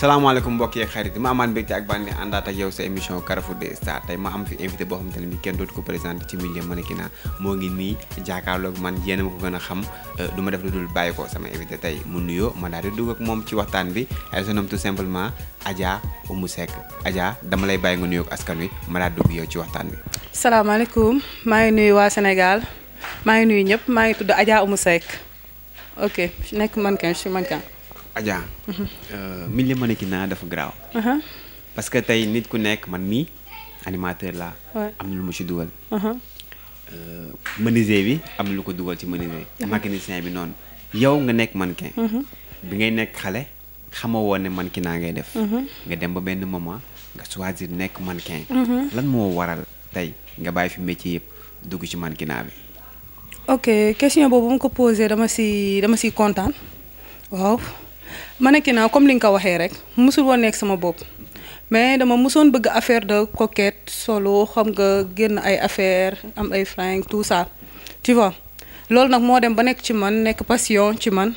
salaamaaleykum mbokk yeeg xarit ma amaan mbégte ak bànne àndaat ak yow sa émission Carrefour des Stars tey ma am fi invité boo xamante ne bi kenn dootu ko présenté ci milieu mannequinat moo ngi nii jàkkaarloog man yéen ma ko gën a xam euh, du ma def lu dul bàyyi ko sama invité tey mu nuyoo ma daal di dugg moom ci waxtaan bi elle euh, se nomme tout simplement Adja Oumou Seck ajaa dama lay bàyyi nga nuyoo ak askan wi ma daal dugg yow ci waxtaan bi. salaamaaleykum maa ngi nuyu waa Sénégal maa ngi nuyu ñëpp maa ngi tudd Adja Oumou Seck ok nekk mannequin je suis mannequin Adja. Mhm. Euh, milieu naa dafa garaaw. Mhm. parce que tey nit ku nekk man nii animateur laa. am na lu mu ci dugal. Mhm. Euh, menuisier bi am na lu ko dugal ci menuisier. mécanicien bi noonu yow nga nekk mannequin. bi ngay nekk xale xamoo woon ne man ki naa ngay def. nga dem ba benn moment nga choisir nekk mannequin. lan moo waral tey nga bàyyi fi métier yëpp dugg ci mannequinat bi. ok question boobu mu ko posé dama si dama si kontaan waaw. mannequinat comme li nga ko waxee rek musul woon nekk sama bopp mais dama musoon bëgg affaire de coquette solo xam nga génn ay affaire am ay fringues tout saa tu vois loolu nag moo dem ba nekk ci man nekk passion ci man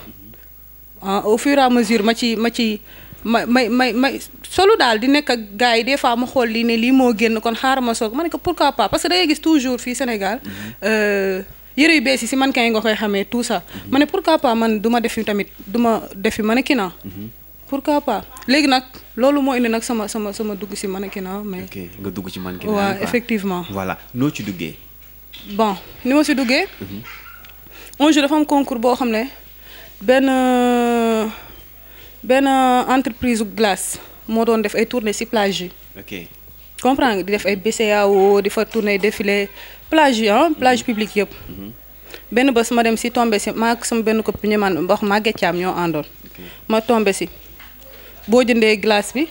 ah, au fur et à mesure ma ci ma ci ma may may may solo daal di nekk ak gars yi des fois ma xool lii ne lii moo génn kon xaaral ma soog ma ne ko pourquoi pas parce que gis toujours fii Sénégal. Mhm. Euh, Il y a des gens qui ont nga tout ça pourquoi pas man ne pas, tamit ah. mhm. pourquoi pas C'est ce que je sama sama sama dugg ah, mais ok nga effectivement voilà tu bon ni sommes là? un jour concours boo xam une entreprise entreprise glace moo doon def ay plage Ok. comprends di def ay BCEAO di fa tourner défilé plage yi ah plage mhm. publique yëpp. Mhm. benn su ma dem si tombé si ma ak sama benn copine ñu man wax Maguette Thiam ñoo àndoon. ma tombé si boo jëndee glace bi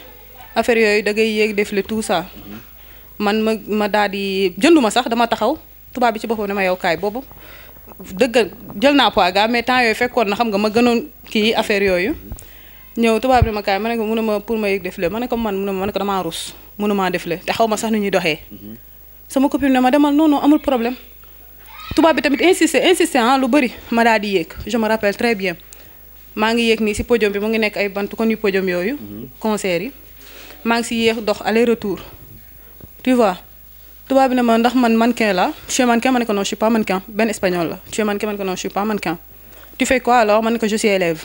affaire yooyu da ngay yéeg défilé tout ça. Mhm. man ma ma daal di jënduma sax dama taxaw tubaab bi ci boppam dama yow kaay boobu. dëgg jël naa poids ga mais temps yooyu fekkoon na xam nga ma gënoon kii affaire yooyu. ñëw tubaab bi ma kaay ma ne ko pour ma yéeg défilé ne ko man mun ma ne rus. mënumaa def la te xaw ma sax nu ñuy doxee. Mhm. sama copine ne ma demal non non amul problème tubaab bi tamit insisté insisté ah lu bëri ma daal di je me rappelle très bien maa ngi yéeg nii si podium bi mu ngi nekk ay bant kon yu podium yooyu. Mhm. concert yi maa ngi si yéex dox aller retour tu vois. tubaab bi ne ma ndax man mannequin la tu es mannequin ma ne ko non je suis pas mannequin Ben espagnol la tu es mannequin ma ne ko non je suis pas mannequin tu fais quoi alors ma je suis élève.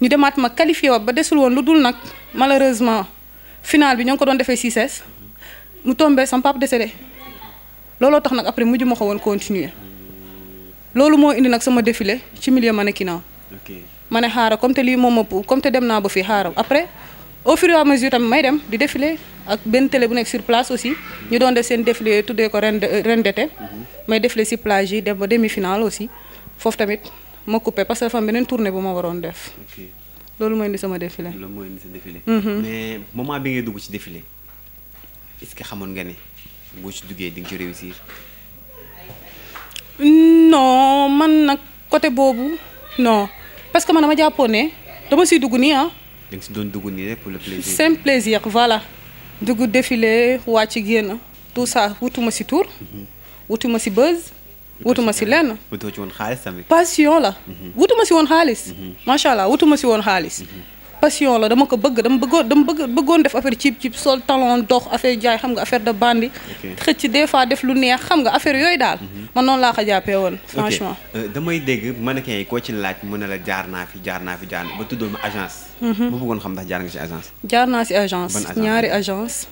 ñu devons ma qualifié waat ba desul woon lu malheureusement final bi ñoo ngi ko 6 defee CICES mu tombé sama papa décédé Lolo tax nag après nous devons continuer loolu moo indi nag sama défilé ci milieu manekina ma ne xaaral comme te lii moom ma comme te dem naa ba fii xaaral après au fur et à mesure tamit may dem di défilé ak benn télé bu nekk sur place aussi ñu devons def seen défilé tuddee ko ren ren d'été mhm. may défilé sur plage yi dem ba demi-finale aussi foofu tamit ma coupé parce que dafa am beneen tournée bu ma waroon def. loolu mooy indi sama défilé. loolu mooy indi sa défilé. Mhm. bi ngay dugg ci défilé est que xamoon nga ni boo ci duggee di nga ci réussir. non man nag côté boobu non parce que man dama jàppoon ne dama siy dugg nii ah. da nga si doon dugg nii rek pour le plaisir. c'est plaisir voilà. dugg défilé wàcc génn tout ça wutuma si tour. Mhm. wutuma si buzz. wutuma si lenn. wutuma si woon xaalis tamit. passion la. wutuma si woon xaalis. macha allah wutuma si woon xaalis. passion la dama ko bëgg dama bëggoon dama bëgg bëggoon def affaire ci ci sol talon dox affaire jaay xam nga affaire de bandi. xëcc des fois def lu neex xam nga affaire yooyu daal. man noonu laa ko jàppee woon franchement. damay dégg mannequin yi koo ci laaj mu ne la jaar naa fi jaar naa fi jaar ba tuddul ma agence. ma bëggoon xam ndax jaar nga si agence. jaar naa si agence ñaari agence.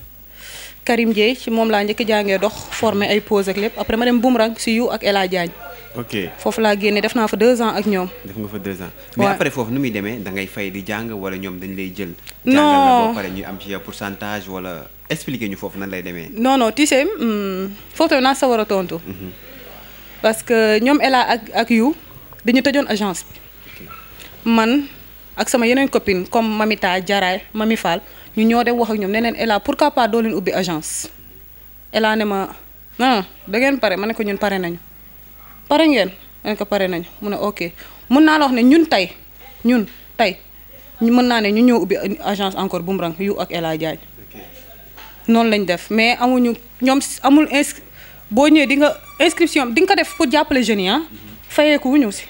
Karim Dieye ci moom laa njëkk jàngee dox formé ay pause ak lépp après ma dem Boomerang si yu ak Ela Diagne. ok foofu laa génnee def naa fa deux ans ak ñoom. def nga fa deux ans. mais a foofu nu muy demee da ngay fay di jàng wala ñoom dañ lay jël. non jàngal la boo pare ñu wala expliquer ñu foofu na lay demee. non non tu sais hmm, foofu naa sa war a tontu. Mhm. parce que ñoom Ela ak ak yu dañu tëjoon agence bi. man ak sama yeneen copine comme Mamita Jaraay Mami Fall. ñu ñoo dem wax ak ñoom ne leen Ela pourquoi pas doo leen ubbi agence Ela ne ma ah da ngeen pare ma ne ko ñun pare nañu pare ngeen ma ne ko pare nañu mun ne ok mun naa la wax ne ñun tey ñun tey mën naa ne ñu ñëw ubbi agence encore Boomerang yu ak Ela Diagne noonu lañ def mais amuñu ñoom amul boo ñëwee di nga inscription di nga ko def pour jàppale jeunes yi ah mhm. fayeeku wuñu si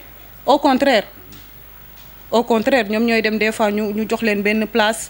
au contraire au contraire ñoom ñooy dem des fois ñu ñu jox leen benn place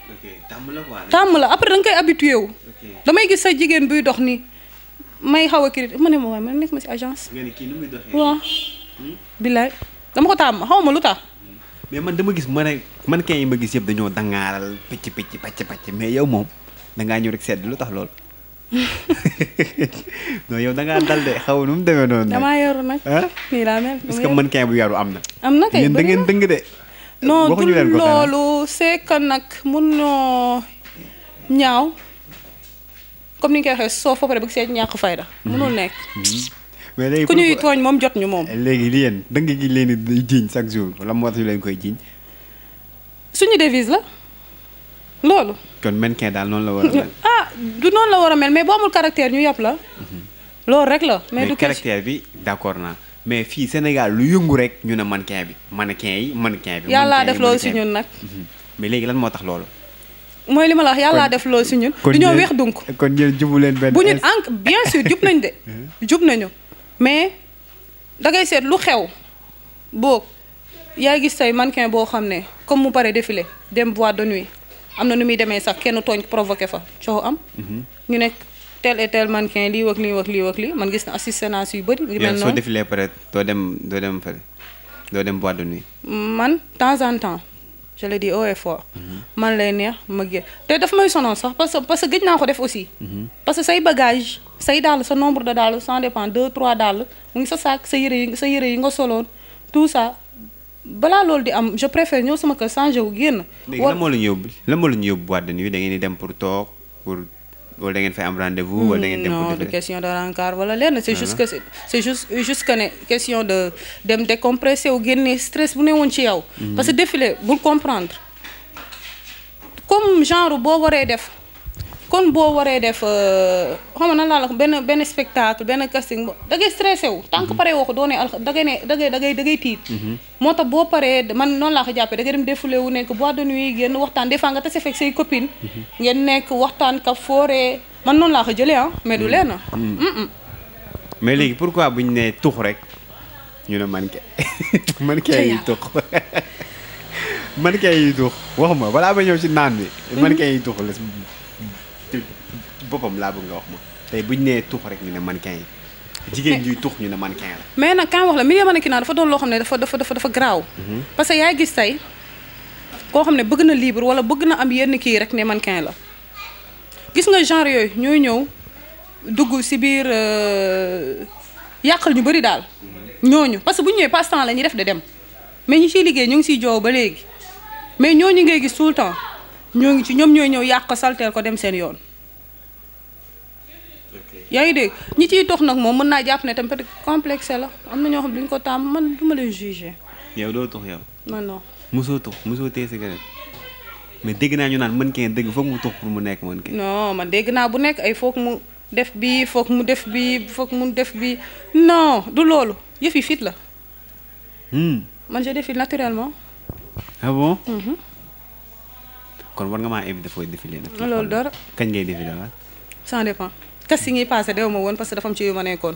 tàmm la après da nga koy habitué wu. damay gis sa jigéen buy dox nii may xaw a critique ma ne ma waaye man ma si agence. nga kii nu muy doxee. waaw hmm? billaay dama ko tàmm xaw ma lu tax. mais man dama gis man man kay ma gis yëpp dañoo dangaaral picc picc pàcc pàcc mais yow moom da ñëw rek sedd lu tax lool. non yow da ngaa dal de xaw nu mu demee noonu. damaa yaru parce que man kay bu yaru am na. am na kay yéen dëng de. non du c'est que nak no ñaaw comme ni nga waxe waxee soo rek fayda nek mhm. mais ku ñuy togn mom jot ñu mom li gi leni di chaque jour la tax koy suñu devise la loolu. kon mannequin ne non la wara mel. ah du non la mel mais bo amul caractère ñu yop la. Mhm. rek mais du. caractère d'accord non mais fii Sénégal lu yëngu rek ñu ne mannequin bi mannequin yi mannequin bi. yàlla def loolu si ñun nag. Mhm. mais léegi lan moo tax loolu. mooy li ma la wax yàllaa def loolu si ñun. du ñoo weex donc kon ñun jubu leen benn bu ñun en bien sûr jub nañu de. Mhm. jub nañu mais dangay seet lu xew boo yaa gis tey mannequin boo xam ne comme mu pare défilé dem boîte de nuit am na nu muy demee sax kenn tooñ provoqué fa coow am. Mhm. ñu nekk tel et tel mannequin li wak lii wak li wak li man gis na assistance yu bari yu mel noonu soo défilé pare doo dem do dem fële do dem boîte de nuit. man temps en temps je le dis haut et fort. man lay neex ma gé te daf may sonal sax parce que parce que gëj naa ko def aussi. parce que say bagage say dal sa nombre de dal ça dépend 2 3 dal mu ngi sa sac sa yere sa yere yi nga soloon tout ça. bala lol di am je préfère ñeu sama kër changé wu génn. léegi lan moo la ñu yóbbu lan moo la ñu yóbbu boîte de nuit da ngay dem pour tok pour wala da ngeen fay am rendez-vous. wala da ngeen dem non question de rencard wala lenn c'est juste que c'est juste juste que ne question de dem décompresser wu génne stress bu ne ci yow. parce que défilé bul comprendre comme genre boo waree def. kon boo waree def euh, xam nga nan laa la ko benn benn spectacle benn casting da ngay stressé wu. tant que mhm. woo ko doo ne alx da ngay ne da ngay da ngay da tiit. Mhm. moo tax boo paree man noonu laa ko jàppee da ngay dem défulé wu nekk boîte de nuit waxtaan des fois nga tase fekk say mhm. ngeen nekk waxtaan ka fooree man noonu laa ko jëlee ah mais du leen mais léegi pourquoi bu ñu nee tux rek ñu ne man kay man kay yi tux man kay yi tux ñëw ci naan bi. man kay yi tux la. boppam laa bëgg nga wax ma tey bu ñu nee tux rek ñu ne mannequin yi. jigéen juy tux ñu ne mannequin la. mais nag kan wax la milieu mannequinat dafa doon loo xam ne dafa dafa dafa dafa garaaw. Mhm. parce que yaay gis tey koo xam ne bëgg na libre wala bëgg na am yenn kii rek ne mannequin la gis nga genre yooyu ñooy ñëw dugg si biir euh, yàqal ñu bëri daal. ñooñu parce que bu ñu ñëwee passe temps la ñuy def de dem mais ñi ciy liggéey ñu ngi siy joow ba léegi mais ñooñu ngay gis tout le temps. ñoo ngi ci ñoom ñooy ñëw yàq ko salteel ko dem seen yoon yaa ngi dégg ñi ciy tox nag moom mën naa jàpp ne tam peut-être complexe la am na ñoo xam duñ ko tàmm man du ma leen jugé. yow doo tox yow. man non. mosoo tox mosoo téye cigarette mais dégg naa ñu naan mën kee dëgg foog mu tox mu nekk mën kee. man dégg naa bu nekk ay foog mu def bi foog mu def bi foog mu def bi non du loolu yëf yi fit la. Hmm. man je défile naturellement. ah mhm. kon war nga maa invité fooy défilé nag. loolu dara kañ ngay défilé waat. ça dépend kas yi ñuy passé dew ma woon parce que dafa ci yu ma nekkoon.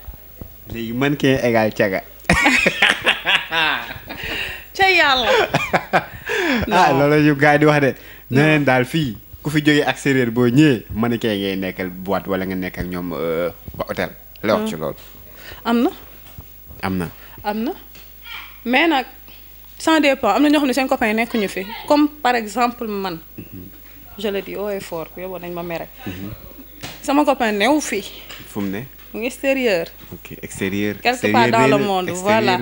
léegi mannequin égal caga. ca yàlla. Ah, loolu yu gars yi di wax de. ne leen daal fii ku fi jógee ak séeréer boo ñëwee mannequin ngay nekkal boîte wala nga nekk ñoom ba euh, hôtel. la ci mm. loolu. am na. am na. am na mais nag sans dépend am na ñoo xam ne seen copain nekkuñu fi comme par exemple man. Mm-hmm. je le dis mm-hmm. sama copain newu fii. fu mu ne. mu ngi extérieur. ok extérieur. quelque part dans le monde voilà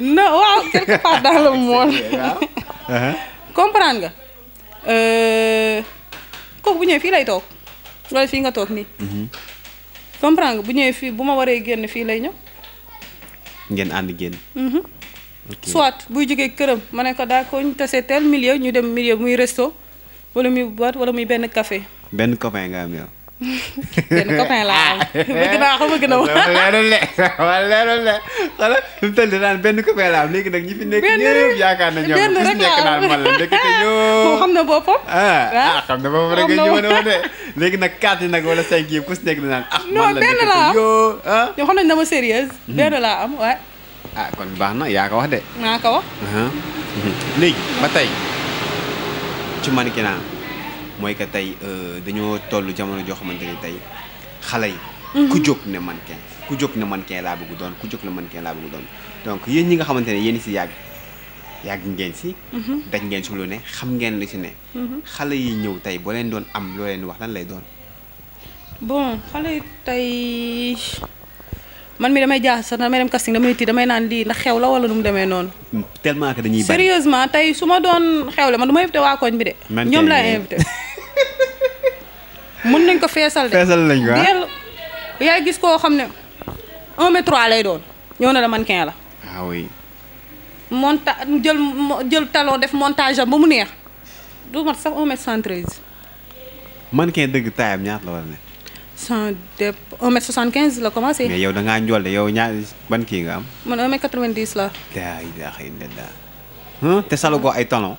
non waaw quelque part dans le monde. Uh-huh. comprendre nga. Euh, kooku bu ñëwee fii lay toog loolu fii nga toog nii. Mm-hmm. comprendre nga bu ñëwee fii bu ma waree génn fii lay ñëw. ngeen ànd génn. Mm-hmm. soit buy jógee këram ma ne ko daa ko ñu tel milieu ñu dem milieu muy resto wala muy boîte wala muy benn café. benn copain nga am yow. benn copain laa am bëgg naa xam bëgg na ma. leerul le wala leerul le wala fi mu toll nii naan benn copain laa am léegi nag ñi fi nekk ñëpp yaakaar na ñoom bis nekk naan man la ndekk te ñoo xam na boppam ah xam na boppam rek nga ñëwoon woon de léegi nag quatre yi nag wala cinq yëpp ku si nekk naan ah man la benn laa am ñoo xam nañ dama sérieuse benn laa am waay ah kon baax na yaa ko wax de maa ko wax léegi ba tey ci mannequinat mooy que tey euh, dañoo tollu jamono joo xamante tey xale yi. Mhm. ku jóg ne man mannequin ku jóg ne mannequin laa bëgg doon ku jóg ne mannequin laa bëgg doon donc yéen ñi nga xamante ne yéen si yàgg yàgg ngeen si. Mhm. daj ngeen si lu ne xam ngeen li si ne. Mhm. xale yi ñëw tey boo leen doon am loo leen wax lan lay doon. bon xale yi tey man mi damay jaaxal sax damay dem casting damay tiit damay naan lii ndax xew la wala nu mu demee noonu. tellement que dañuy bari sérieusement tey su ma doon xew xewle man du ma invité waa koñ bi de. ñoom laa invité. mën nañ ko feesal de. feesal nañ ko ah yaay gis koo xam ne 1 mètre lay doon ñoo na la man kenn la. waaw ah oui. monta jël jël talon def montage am ba mu neex du mat sax 1 mètre 113. man kenn dëgg taayam ñaata la war a ne. cent de 1 mètre 75 la commencé. mais yow da ngaa njool de yow ñaar ban kii nga am. man 1 mètre 90 la. daa ilaaha illallah. te salu ko ay talon.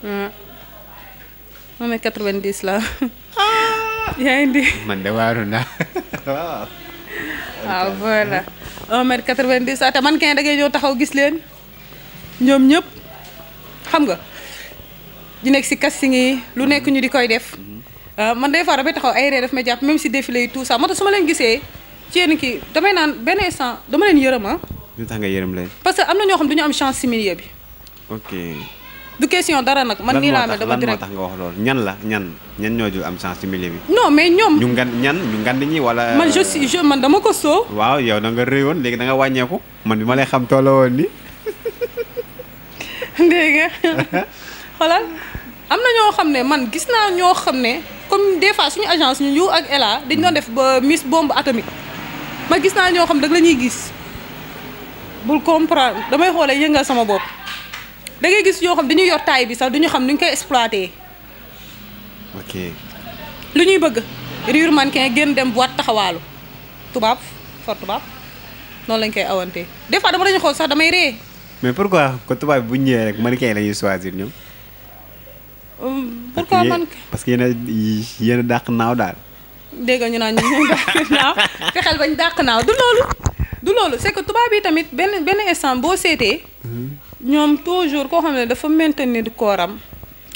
1 mètre 90 la. ya ini de waruna waaw waaw voilà 1 mètre 90 ata man kay da ngay ñëw taxaw gis leen ñoom ñëpp xam nga nekk si casting lu nekk ñu di koy eh. def man des fois damay taxaw ay ree daf ma jàpp même si défilé yi tout ça moo tax su ma leen gisee ci yéen kii damay naan benn instant dama leen yërëm ah. tax nga yërëm leen. parce que am na ñoo xam am chance si milieu bi. ok du question dara nag. man nii laa mel dama direct tax nga wax loolu ñan la ñan ñan ñoo dul am chance ci milieu bi. non mais ñoom ñu ngan ñan ngan ñi wala. man je suis man dama ko soo. waaw yow da nga réyoon léegi da nga wàññeeku. man bi ma lay xam tolloo woon ni. dégg nga xoolal am na ñoo xam ne man gis naa ñoo xam ne comme des suñu agence ñu ñu ak Ela dañ doon def ba Miss bombe atomique ma gis naa ñoo xam ne dag la gis bul comprendre damay xoolee yëngal sama bopp. da ngay gis yoo xam dañuy yor taay bi sax duñu xam ñu koy exploité. ok. lu ñuy bëgg riir mannequin génn dem boîte taxawaalu tubaab for tubaab noonu lañ koy awantee des fois dama dañu xool sax damay ree. mais pourquoi ko tubaab bi bu ñëwee rek mannequin la ñuy choisir ñoom. pourquoi man parce que yéen a dàq naaw daal. dégg ñu naan ñun ñoo dàq naaw fexeel bañ dàq naaw du loolu. du loolu c'est que tubaab yi tamit benn benn instant boo seetee. ñoom toujours koo xam ne dafa maintenir kooram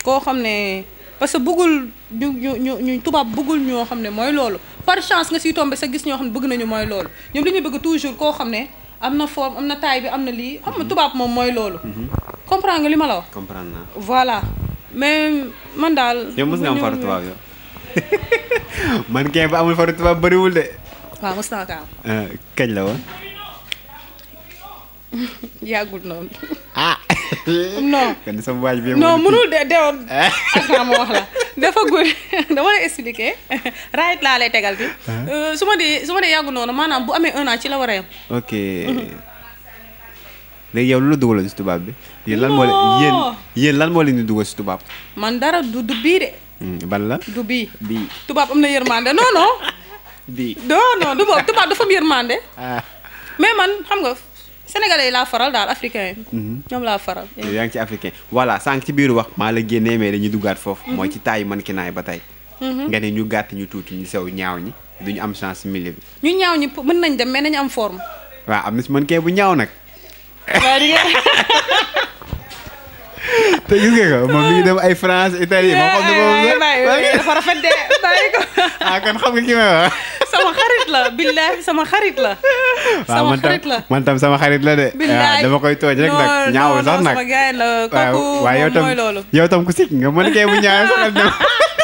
koo xam ne parce que bëggul ñu ñu ñu ñu tubaab bëggul ñoo xam ne mooy loolu par chance nga si tombé sa gis ñoo xam ne bëgg nañu mooy loolu ñoom li ñuy bëgg toujours koo xam ne am na forme am na taay bi am na lii am na mhm. tubaab moom mooy loolu. Mhm. comprendre nga li ma la wax. comprendre voilà mais man daal. yow mës nga man kay bi amul faru tubaab bëriwul de. waaw mës naa ko am. Euh, kañ la woon. yàggul noonu. ah. non kenn sama waaj bi de deewoon ah. ak ma wax la dafa guddi dama lay expliquer raayit laa lay tegal ah. euh, di su ma di yàggul noonu maanaam bu amee un an ci la war a yem. ok. léegi yow lu la dugaloon si tubaab bi. yéen lan moo leen yéen yéen si tubaab. man dara du du de. Hmm, ban la du tubaab am na yërmande non non. bii non non du boobu tubaab dafa am yërmande. Ah. mais man xam nga. sénégalais yi laa faral daal africain yi. Mhm. ñoom laa faral. yaa ngi ci africain voilà sànq ci biiru wax maa la génnee mais dañuy duggaat foofu. Mhm. mooy ci taayu man ki naay ba tey. Mhm. nga ne ñu gàtt ñu tuuti ñu sew ñaaw ñi duñu am san milieu bi. ñu ñaaw ñi mën nañ dem mais nañu am forme. waaw am na si man kay bu ñaaw nag. te gis ko moom mi ngi dem ay France Italie moom xam ne moom. dafa rafet de bàyyi ko. ah kon xam ki may wax. la billahi sama xarit la. sama xarit la sama xarit la de. dama koy tooj rek nag ñaawul sax nag. waaw waaw yow tam ku sikk nga mën kee bu ñaawee sax dem.